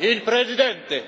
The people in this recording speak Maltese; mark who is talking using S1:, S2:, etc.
S1: Il-Presidente.